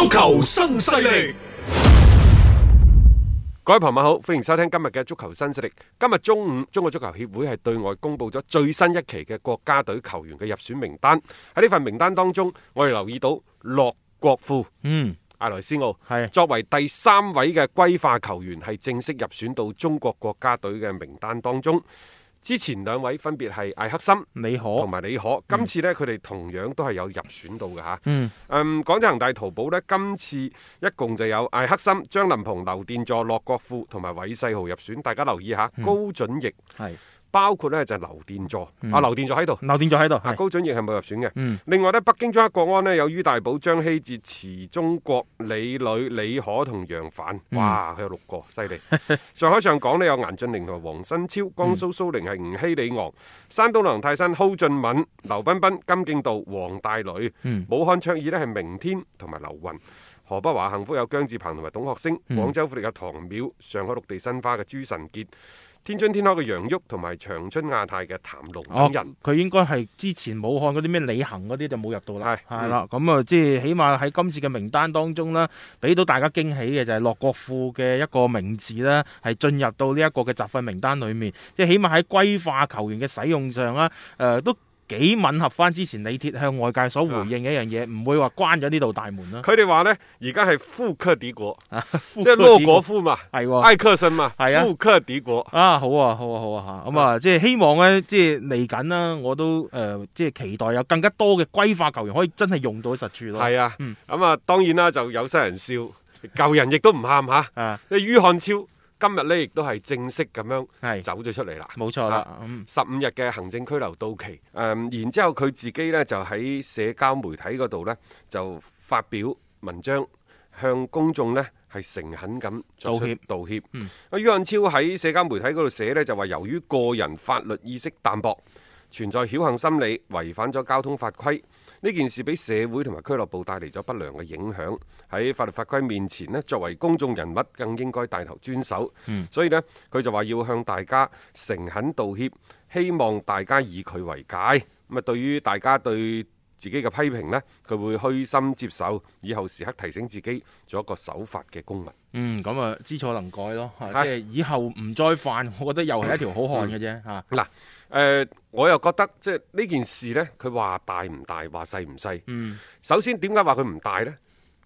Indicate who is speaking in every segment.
Speaker 1: 足球新
Speaker 2: 勢力，各位朋友好，歡迎收聽今日嘅足球新勢力。今日中午，中國足球協會係對外公布咗最新一期嘅國家隊球員嘅入選名單。喺呢份名單當中，我哋留意到洛國富、嗯、阿萊斯奧的作為第三位嘅歸化球員，係正式入選到中國國家隊嘅名單當中。之前兩位分別係艾克森、李可同埋李可，嗯、今次呢，佢哋同樣都係有入選到嘅嚇。嗯，廣州恒大淘寶呢，今次一共就有艾克森、張林鵬、劉殿座、洛國富同埋韋世豪入選，大家留意下，嗯、高準翼係。包括呢，就係劉殿座，啊劉、嗯、殿座喺度，劉殿座喺度，啊高準翼係冇入選嘅。嗯、另外呢，北京中赫國安呢，有于大寶、張稀哲、池忠國、李磊、李可同楊帆，哇佢、嗯、有六個，犀利。 上海上港呢，有顏駿凌同王燊超，江蘇蘇寧係吳曦、李昂、山東魯能泰山蒿俊閔、劉彬彬、金敬道、王大雷；嗯、武漢卓爾呢，係明天同埋劉雲，河北華幸福有姜志鵬同埋董學升，廣州、嗯、富力有唐淼，上海綠地申花嘅朱辰傑。天津天海嘅楊旭同埋長春亞泰嘅譚龍入，
Speaker 1: 佢、啊、應該係之前武漢嗰啲咩李行嗰啲就冇入到啦。係係啦，咁啊的，即係、嗯、起碼喺今次嘅名單當中啦，俾到大家驚喜嘅就係洛國富嘅一個名字啦，係進入到呢一個嘅集訓名單裏面，即係起碼喺歸化球員嘅使用上啊。誒、呃、都。幾吻合翻之前李鐵向外界所回應嘅一樣嘢，唔、嗯、會話關咗呢度大門啦。佢哋話咧，而家係富可敵國，啊、國即係洛國富嘛，係埃、啊、克森嘛，係啊，富可敵國啊，好啊，好啊，好啊吓。咁啊，即係希望咧，即係嚟緊啦，我都誒、呃，即係期待有更加多嘅歸化球員可以真係用到實處咯。係啊，
Speaker 2: 咁、嗯嗯、 啊，當然啦，就有些人笑，舊人亦都唔喊吓，即係于漢超。今日呢，亦都係正式咁樣走咗出嚟啦，冇錯啦，十五、啊嗯、日嘅行政拘留到期，誒、嗯，然之後佢自己呢，就喺社交媒體嗰度呢，就發表文章向公眾呢係誠懇咁道歉道歉。阿、嗯、于漢超喺社交媒體嗰度寫呢，就話由於個人法律意識淡薄，存在僥倖心理，違反咗交通法規。呢件事俾社會同埋俱樂部帶嚟咗不良嘅影響，喺法律法規面前呢，作為公眾人物更應該帶頭遵守。嗯、所以呢，佢就話要向大家誠懇道歉，希望大家以佢為戒。咁啊，對於大家對自己嘅批評呢，佢會虛心接受，以後時刻提醒自己做一個守法嘅公民。
Speaker 1: 嗯，咁啊知錯能改咯，啊、即係以後唔再犯，我覺得又係一條好漢嘅啫嚇。
Speaker 2: 嗱、啊，誒、啊呃、我又覺得即係呢件事呢，佢話大唔大，話細唔細。嗯，首先點解話佢唔大呢？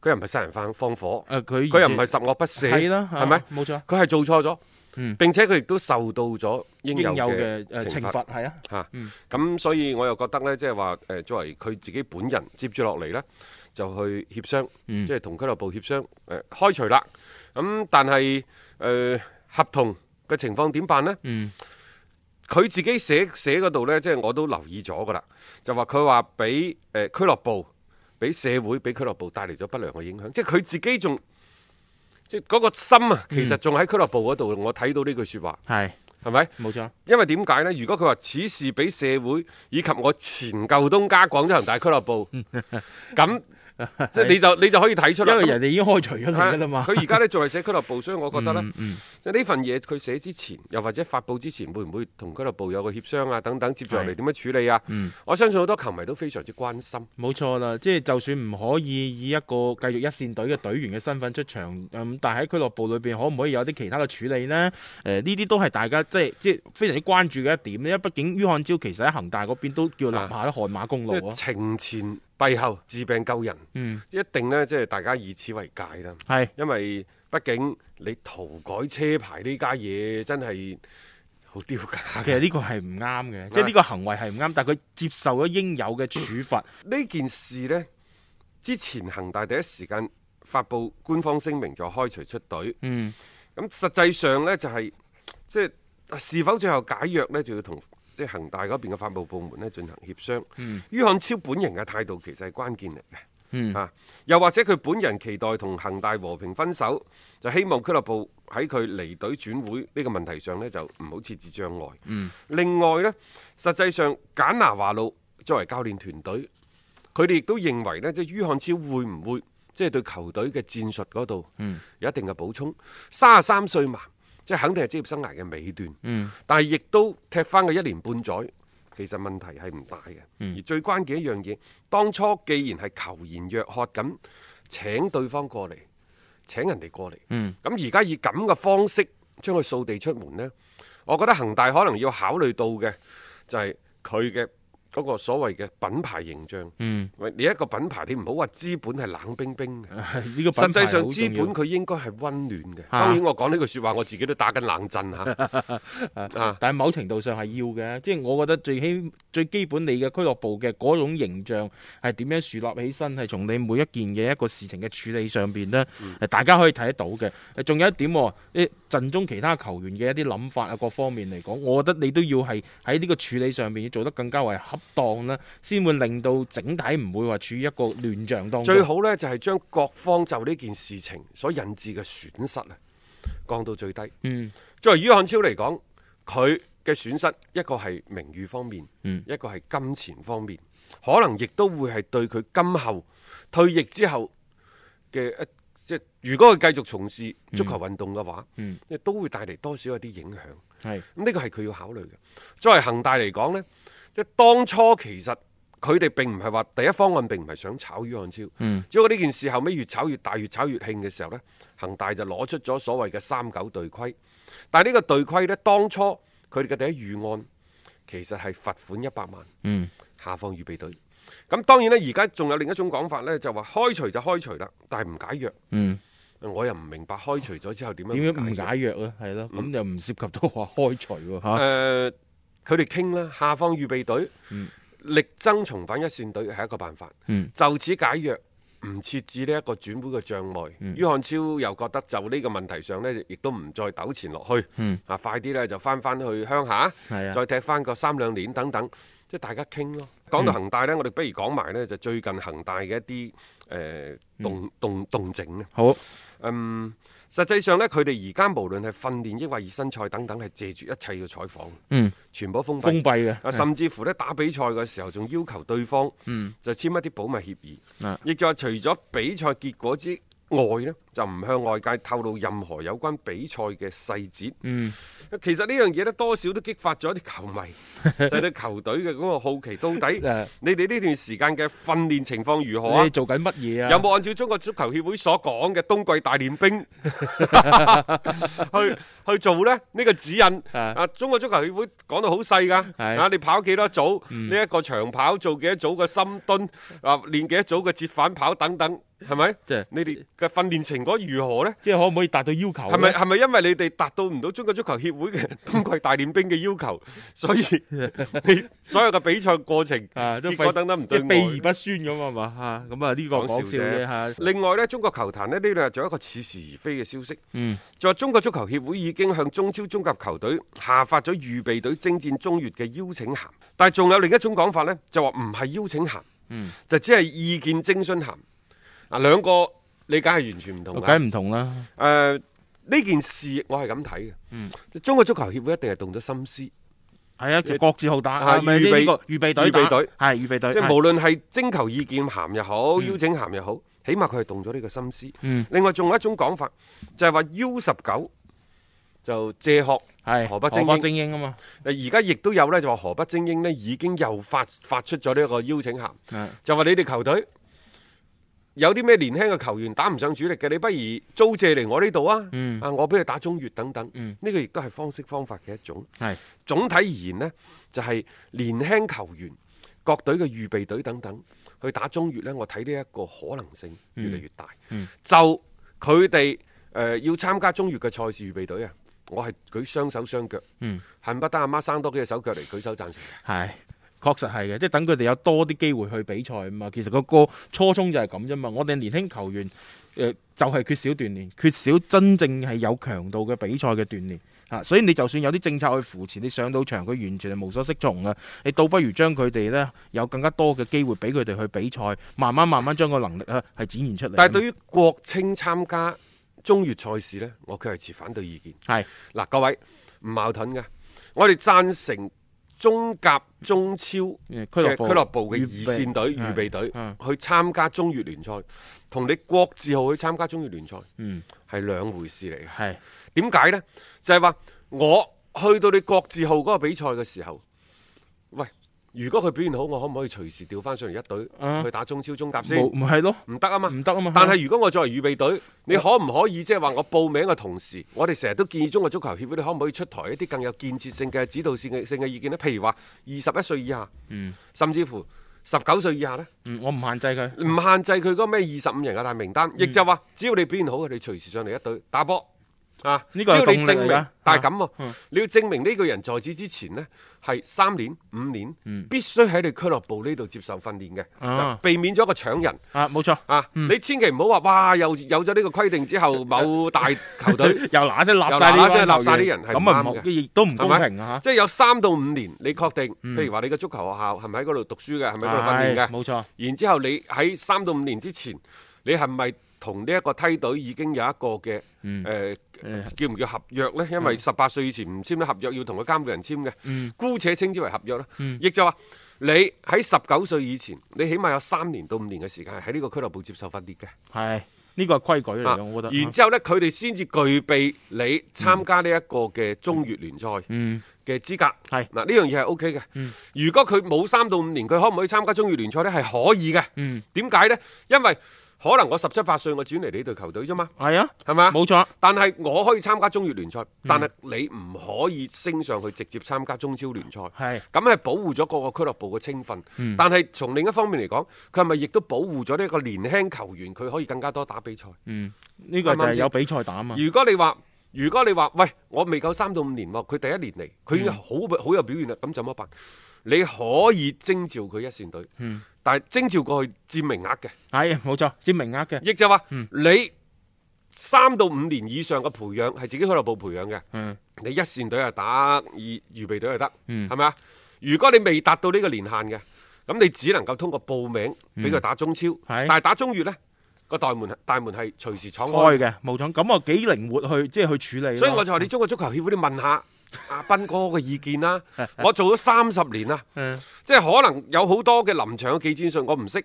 Speaker 2: 佢又唔係殺人犯放火，佢、啊、又唔係十惡不赦，係係咪？冇、啊嗎啊、錯，佢係做錯咗。嗯，並且佢亦都受到咗應有嘅誒懲罰，係啊嚇。咁所以我又覺得呢，即係話誒作為佢自己本人接住落嚟呢，就去協商，即係同俱樂部協商誒、呃、開除啦。咁但係誒、呃、合同嘅情況點辦呢？佢、嗯、自己寫寫嗰度呢，即係我都留意咗噶啦，就話佢話俾誒俱樂部、俾社會、俾俱樂部帶嚟咗不良嘅影響，即係佢自己仲。即係嗰個心啊，其實仲喺俱樂部嗰度，我睇到呢句説話，係係咪？冇錯，因為點解呢？如果佢話此事俾社會以及我前舊東家廣州恒大俱樂部咁。
Speaker 1: 即係你就你就可以睇出，因為人哋已經開除咗你噶啦嘛。佢而
Speaker 2: 家咧仲係寫俱樂部， 所以我覺得呢，即係呢份嘢佢寫之前，又或者發佈之前，會唔會同俱樂部有個協商啊？等等，接住落嚟點樣處理啊？嗯、我相信好多球迷都非常之關心。
Speaker 1: 冇錯啦，即係 就算唔可以以一個繼續一線隊嘅隊員嘅身份出場，嗯、但係喺俱樂部裏邊，可唔可以有啲其他嘅處理呢？誒、呃，呢啲都係大家即係即係非常之關注嘅一點咧。因為畢竟於漢超其實喺恒大嗰邊都叫立下啲汗馬功勞。啊這個、情前。 背後治病救人，嗯，
Speaker 2: 一定咧，即係大家以此為戒啦。係是，
Speaker 1: 因為畢竟你塗改車牌呢家嘢真係好丟架。其實呢個係唔啱嘅，啊、即係呢個行為係唔啱，但係佢接受咗應有嘅處罰。呢、嗯、件事呢，
Speaker 2: 之前恒大第一時間發布官方聲明就開除出隊。嗯，咁實際上呢，就係、是，即、就、係、是、是否最後解約呢？就要同。喺恒大嗰邊嘅法務部門咧進行協商，嗯、于漢超本人嘅態度其實係關鍵嚟嘅，嗯，啊，又或者佢本人期待同恒大和平分手，就希望俱樂部喺佢離隊轉會呢個問題上咧就唔好設置障礙。嗯、另外咧，實際上簡拿華路作為教練團隊，佢哋亦都認為咧，即係于漢超會唔會即係對球隊嘅戰術嗰度有一定嘅補充。三十三歲嘛。即係肯定係職業生涯嘅尾段，嗯、但係亦都踢返佢一年半載，其實問題係唔大嘅。嗯、而最關鍵一樣嘢，當初既然係求賢若渴咁請對方過嚟，請人哋過嚟，咁而家以咁嘅方式將佢掃地出門呢，我覺得恒大可能要考慮到嘅就係佢嘅。嗰個所謂嘅品牌形象，喂、嗯，你一個品牌，你唔好話資本係冷冰冰嘅，啊這個、實際上資本佢應該係溫暖嘅。啊、當然我講呢句說話我自己都打緊冷震吓、啊
Speaker 1: 啊，但係某程度上係要嘅，即、就、係、是、我覺得最起最基本你嘅俱樂部嘅嗰種形象係點樣樹立起身，係從你每一件嘅一個事情嘅處理上邊咧，嗯、大家可以睇得到嘅。仲有一點，陣中其他球員嘅一啲諗法啊，各方面嚟講，我覺得你都要係喺呢個處理上面做得更加為合。當呢，先會令到整體唔會話處於一個亂象當中。最好
Speaker 2: 呢，就係、是、將各方就呢件事情所引致嘅損失啊，降到最低。嗯，作為于漢超嚟講，佢嘅損失一個係名譽方面，嗯、一個係金錢方面，可能亦都會係對佢今後退役之後嘅、呃、即，如果佢繼續從事足球運動嘅話，嗯嗯、都會帶嚟多少一啲影響。係呢是個係佢要考慮嘅。作為恒大嚟講呢，即當初其實佢哋並唔係話第一方案並唔係想炒于漢超，嗯，只不過呢件事後尾越炒越大、越炒越興嘅時候呢，恒大就攞出咗所謂嘅三九隊規，但係呢個隊規呢，當初佢哋嘅第一預案其實係罰款一百萬，嗯，下放預備隊。咁當然呢，而家仲有另一種講法呢，就話、是、開除就開除啦，但係唔解約，嗯，我又唔明白開除咗之後點樣點解唔
Speaker 1: 解約呢？係咯，咁又唔涉及到話開除喎吓。啊，
Speaker 2: 嗯，呃佢哋傾啦，下放預備隊、嗯、力爭重返一線隊係一個辦法。嗯、就此解約，唔設置呢一個轉會嘅障礙。于、嗯、漢超又覺得就呢個問題上呢，亦都唔再糾纏落去。嗯、啊，快啲呢，就翻翻去鄉下，是啊、再踢翻個三兩年等等，即係大家傾咯。講到恒大呢，我哋不如講埋呢，就最近恒大嘅一啲誒、呃、動動動靜啊。嗯、好，嗯。實際上咧，佢哋而家無論係訓練抑或熱身賽等等，係借住一切嘅採訪，嗯，全部封閉，封閉嘅，甚至乎咧打比賽嘅時候，仲要求對方，嗯，就簽一啲保密協議，亦就係、嗯、除咗比賽結果之外呢就唔向外界透露任何有關比賽嘅細節。嗯，其實呢樣嘢呢，多少都激發咗啲球迷，就係啲球隊嘅嗰個好奇。到底你哋呢段時間嘅訓練情況如何啊？你做緊乜嘢啊？有冇按照中國足球協會所講嘅冬季大練兵去去做呢？呢個指引啊，中國足球協會講到好細㗎。係啊，你跑幾多組？呢一個長跑做幾多組嘅深蹲啊？練幾多組嘅折返跑等等。係咪？是是即係是你哋嘅訓練成果如何呢？
Speaker 1: 即係可唔可以達到要
Speaker 2: 求？係咪係咪因為你哋達到唔到中國足球協會嘅冬季大練兵嘅要求， 所以 所有嘅比賽過程啊，結果等等唔對，即係秘而
Speaker 1: 不宣咁嘛？嘛、啊、吓，
Speaker 2: 咁啊呢、啊這個好笑、啊、另外呢，中國球壇咧呢度仲有一個似是而非嘅消息。嗯，就話中國足球協會已經向中超中甲球隊下發咗預備隊征戰中乙嘅邀請函，但係仲有另一種講法呢，就話唔係邀請函，就只係意見徵詢函，函。嗯啊，兩個理解係完全唔同啦，梗唔同啦。誒，呢件事我係咁睇嘅。嗯，中國足球協會一定係動咗心思。係啊，借國字號打，預備隊，預備隊，係預備隊。即係無論係徵求意見函又好，邀請函又好，起碼佢係動咗呢個心思。另外仲有一種講法，就係話 U 十九就借殼係河北精英，英啊嘛。而家亦都有咧，就話河北精英呢已經又發發出咗呢個邀請函，就話你哋球隊。有啲咩年輕嘅球員打唔上主力嘅，你不如租借嚟我呢度啊！嗯、啊，我俾佢打中乙等等，呢、嗯、個亦都係方式方法嘅一種。係是總體而言呢，就係、是、年輕球員、各隊嘅預備隊等等，去打中乙呢。我睇呢一個可能性越嚟越大。嗯嗯、就佢哋誒要參加中乙嘅賽事預備隊啊，我係舉雙手雙腳，嗯、恨不得阿媽生多幾隻手腳嚟舉手贊
Speaker 1: 成嘅。係。確實係嘅，即係等佢哋有多啲機會去比賽咁啊！其實個初衷就係咁啫嘛。我哋年輕球員誒、呃、就係、是、缺少鍛鍊，缺少真正係有強度嘅比賽嘅鍛鍊啊！所以你就算有啲政策去扶持，你上到場佢完全係無所適從啊！你倒不如將佢哋呢，有更加多嘅機會俾佢哋去比賽，慢慢慢慢將個能力啊係展現出嚟。但係對於
Speaker 2: 國青參加中乙賽事呢，我卻係持反對意見。係嗱是，各位唔矛盾嘅，我哋贊成。中甲、中超嘅俱樂部嘅二線隊、預備隊是去參加中乙聯賽，同你國字號去參加中乙聯賽，嗯，係兩回事嚟嘅。係是，點解咧？就係、是、話，我去到你國字號嗰個比賽嘅時候。如果佢表現好，我可唔可以隨時調翻上嚟一隊、啊、去打中超中甲先？唔係
Speaker 1: 咯，唔得啊嘛，唔得啊嘛。但係如
Speaker 2: 果我作為預備隊，你可唔可以即係話我報名嘅同時，我哋成日都建議中國足球協會，你可唔可以出台一啲更有建設性嘅指導性嘅意見呢？譬如話二十一歲以下，
Speaker 1: 嗯，
Speaker 2: 甚至乎十九歲以下呢，嗯、我唔限制佢，唔限制佢嗰個咩二十五人嘅大名單，亦、嗯、就話只要你表現好，佢哋隨時上嚟一隊打波。啊！只要你證明，但係咁喎，你要證明呢個人在此之前呢，係三年五年必須喺你俱樂部呢度接受訓練嘅，避免咗個搶人啊！冇錯啊！你千祈唔好話哇！有有咗呢個規定之後，某大球隊又嗱聲立曬啲，又嗱聲立曬啲人，咁啊唔亦都唔公平啊！即係有三到五年，你確定，譬如話你嘅足球學校係咪喺嗰度讀書嘅，係咪喺度訓練嘅？冇錯。然之後你喺三到五年之前，你係咪……同呢一個梯隊已經有一個嘅誒叫唔叫合約呢？因為十八歲以前唔簽咧合約，要同個監管人簽嘅，姑且稱之為合約啦。亦就話你喺十九歲以前，你起碼有三年到五年嘅時間，喺呢個
Speaker 1: 俱樂部接受訓練嘅。係呢個係規矩嚟嘅，我覺得，然之
Speaker 2: 後呢，佢哋先至具備你參加呢一個嘅中乙聯賽嘅資格。係嗱，呢樣嘢係 OK 嘅。如果佢冇三到五年，佢可唔可以參加中乙聯賽呢？係可以嘅。點解呢？因為可能我十七八歲，我轉嚟你隊球隊啫嘛，係啊，係咪？冇錯。錯但係我可以參加中乙聯賽，嗯、但係你唔可以升上去直接參加中超聯賽。係咁係保護咗各個俱樂部嘅青訓，嗯、但係從另一方面嚟講，佢係咪亦都保護咗呢一個年輕球員，佢可以更加多打比賽？嗯，呢個剛剛就係有比賽打嘛。如果你話，如果你話，喂，我未夠三到五年喎，佢第一年嚟，佢、嗯、好好有表現啦，咁怎麼辦？你可以徵召佢一線隊。但係徵召過去佔名額嘅、哎，係
Speaker 1: 冇錯佔名額嘅。亦就係話，嗯、
Speaker 2: 你三到五年以上嘅培養係自己俱樂部培養嘅。嗯，你一線隊又打二預備隊又得，係咪啊？如果你未達到呢個年限嘅，咁你只能夠通過報名俾佢打中超。嗯、但係打中乙咧，個大、嗯、門大門係隨時敞開嘅，
Speaker 1: 冇錯。咁啊、嗯，幾靈活去即係去處理。嗯、所以我就喺
Speaker 2: 中國足球協會度問下。阿、啊、斌哥嘅意見啦， 我做咗三十年啦， 嗯、即係可能有好多嘅臨場嘅技戰術我唔識，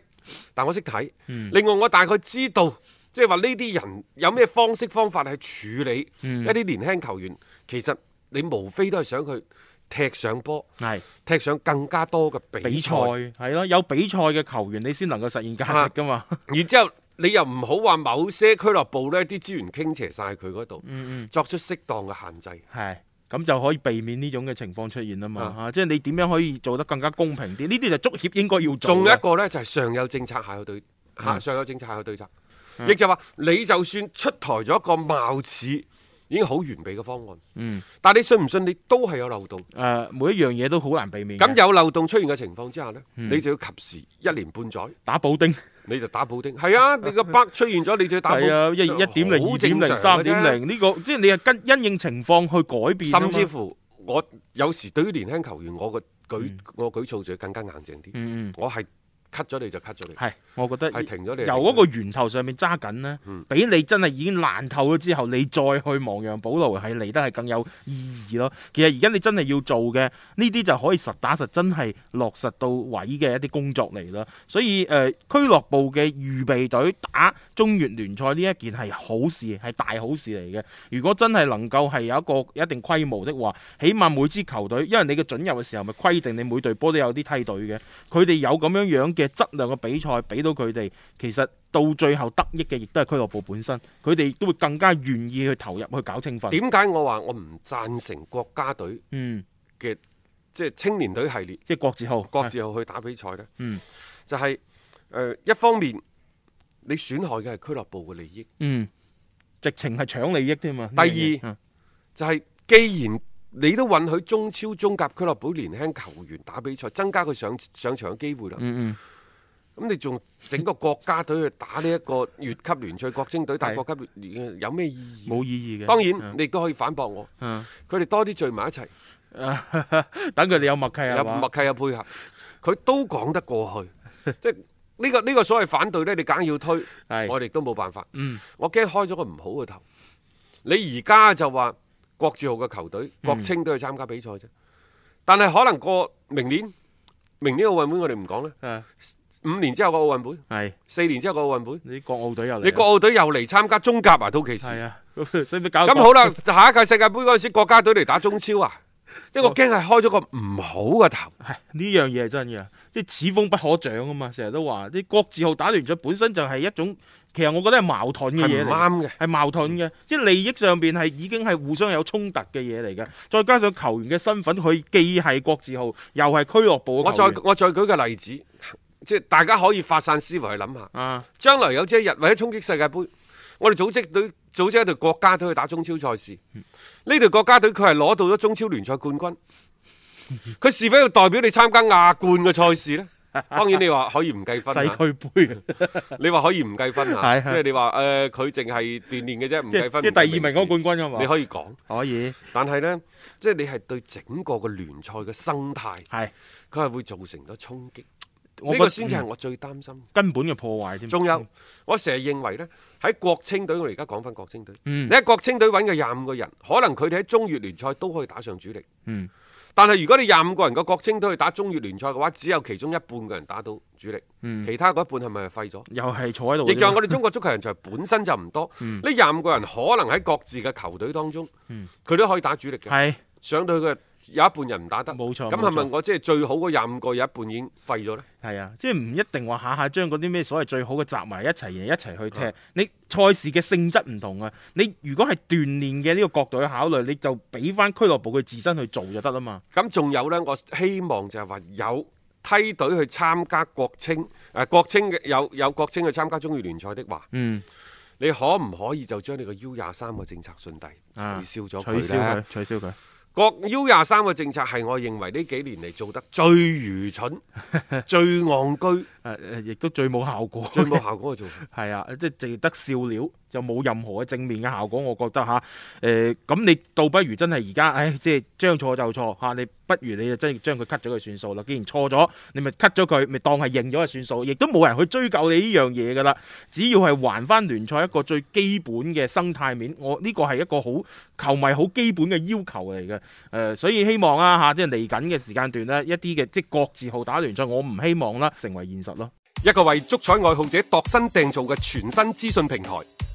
Speaker 2: 但我識睇。另外我大概知道，即係話呢啲人有咩方式方法去處理一啲、嗯、年輕球員。其實你無非都係想佢踢上波，係踢上更加多嘅比賽，係咯？有比賽嘅球員你先能夠實現價值噶嘛？然、啊、之後你又唔好話某些俱樂部呢啲資源傾斜晒喺佢嗰度，作
Speaker 1: 出適當嘅限制。嗯嗯咁就可以避免呢種嘅情況出現啊嘛，啊啊即係你點樣可以做得更加公平啲？呢啲就足協應該要做。仲有一個呢，就係、是、上有政策下有對，吓、嗯、
Speaker 2: 上有政策下有對策，亦、嗯、就話你就算出台咗一個貌似已經好完備嘅方案，嗯，但係你信唔信你都係有漏洞？誒、呃，每一樣嘢都好難避免。咁有漏洞出現嘅情況之下呢，嗯、你就要及時一年半載打補丁。你就打保丁，係啊！你個北出現咗， 你就要打。啊，一一點零、二點零、三點零，
Speaker 1: 呢個即係你係跟因應情況去改變。甚至乎，我有時對於年輕球員，我個舉、
Speaker 2: 嗯、我舉措就要更加硬淨啲。嗯嗯。我係。cut 咗你就 cut 咗你，係，我覺得係停咗你停，由
Speaker 1: 嗰個源頭上面揸緊呢，俾你真係已經爛透咗之後，你再去亡羊補牢係嚟得係更有意義咯。其實而家你真係要做嘅呢啲就可以實打實真係落實到位嘅一啲工作嚟咯。所以誒、呃，俱樂部嘅預備隊打中乙聯賽呢一件係好事，係大好事嚟嘅。如果真係能夠係有一個一定規模的話，起碼每支球隊，因為你嘅準入嘅時候咪規定你每隊波都有啲梯隊嘅，佢哋有咁樣樣。嘅質量嘅比賽俾到佢哋，其實到最後得益嘅亦都係俱樂部本身，佢哋都會更加願意去投入去搞青訓。點
Speaker 2: 解我話我唔贊成國家隊嗯嘅即係青年隊系列即係國字號國字號去打比賽咧？
Speaker 1: 嗯，
Speaker 2: 就係、是、誒、呃、一方面你損害嘅係俱樂部嘅利益，嗯，
Speaker 1: 直情係搶利益添、啊、嘛。第二、啊、
Speaker 2: 就係既然。你都允許中超中甲俱樂部年輕球員打比賽，增加佢上上場嘅機會啦。嗯嗯。咁你仲整個國家隊去打呢一個越級聯賽、國青隊、打國級聯賽有咩意義？冇意義嘅。當然，你亦都可以反駁我。嗯。佢哋多啲聚埋一齊，等佢哋有默契啊，有默契有配合，佢都講得過去。即係呢個呢個所謂反對咧，你梗要推，我哋都冇辦法。我驚開咗個唔好嘅頭，你而家就話。郭字號嘅球隊，國青都去參加比賽啫。嗯、但係可能過明年，明年奧運會我哋唔講啦。是啊、五年之後嘅奧運會，係是、啊、四年之後嘅奧運會，你國奧隊又嚟、啊，你國奧隊又嚟參、啊、加中甲都啊？都其次啊，咁、嗯、好啦。
Speaker 1: 下一屆世界杯嗰陣時，國家隊嚟打中超啊，即係我驚係開咗個唔好嘅頭。係呢樣嘢係真嘅。啲此風不可長啊嘛，成日都話啲國字號打聯賽本身就係一種，其實我覺得係矛盾嘅嘢嚟，係唔啱嘅，係矛盾嘅，嗯、即係利益上邊係已經係互相有衝突嘅嘢嚟嘅。再加上球員嘅身份，佢既係國字號，又係俱樂部。我再
Speaker 2: 我再舉個例子，即係大家可以發散思維去諗下，將、啊、來有朝一日為咗衝擊世界杯，我哋組織隊組織一隊國家隊去打中超賽事，呢隊、嗯、國家隊佢係攞到咗中超聯賽冠，冠軍。佢是否要代表你參加亞冠嘅賽事呢？當然你話可以唔計分。世俱杯，你話可以唔計分啊？係即係你話誒，佢淨係鍛煉嘅啫，唔計分。即係第二名攞冠軍啊嘛？你可以講，可以。但係呢，即係你係對整個嘅聯賽嘅生態係，佢係會造成咗衝擊。
Speaker 1: 呢個先至係我最擔心，根本嘅破壞添。仲有，
Speaker 2: 我成日認為呢，喺國青隊，我而家講翻國青隊。嗯。你喺國青隊揾嘅廿五個人，可能佢哋喺中乙聯賽都可以打上主力。嗯。但係如果你廿五個人嘅國青都去打中乙聯賽嘅話，只有其中一半嘅人打到主力，嗯、其他嗰一半係咪廢咗？又
Speaker 1: 係坐喺度。亦就係我哋中
Speaker 2: 國足球人才本身就唔多，呢廿五個人可能喺各自嘅球隊當中，佢、嗯、都可以打主力嘅。上到去有一半人唔打得，冇錯。咁係咪我即係最好嗰廿五個有一半已經廢咗呢？
Speaker 1: 係啊，即係唔一定話下下將嗰啲咩所謂最好嘅集埋一齊，一齊去踢。啊、你賽事嘅性質唔同啊！你如果係鍛鍊嘅呢個角度去考慮，你就俾翻俱樂部佢自身去做就得啦嘛。咁仲有呢？我希望就係
Speaker 2: 話有梯隊去參加國青，誒、呃、國青嘅有有國青去參加中乙聯賽的話，嗯，你可唔可以就將你個 U 廿三個政策順帶、啊、取消咗佢，取消佢。 國 U 廿三嘅政策係我認為呢幾年嚟做得最
Speaker 1: 愚蠢、 最戇居，誒誒、 啊，亦都最冇效果，最冇效果嘅做法。係 啊，即係淨係得笑料。就冇任何嘅正面嘅效果，我覺得吓。誒、啊、咁、嗯、你倒不如真係而家，誒即係將錯就錯嚇、啊，你不如你就真係將佢 cut 咗佢算數啦。既然錯咗，你咪 cut 咗佢，咪當係認咗嘅算數，亦都冇人去追究你呢樣嘢噶啦。只要係還翻聯賽一個最基本嘅生態面，我呢、這個係一個好球迷好基本嘅要求嚟嘅，誒、呃、所以希望啊嚇，即係嚟緊嘅時間段呢，一啲嘅即係國字號打聯賽，我唔希望啦成為現實咯。一個為足彩愛好者度身訂
Speaker 2: 造嘅全新資訊平台。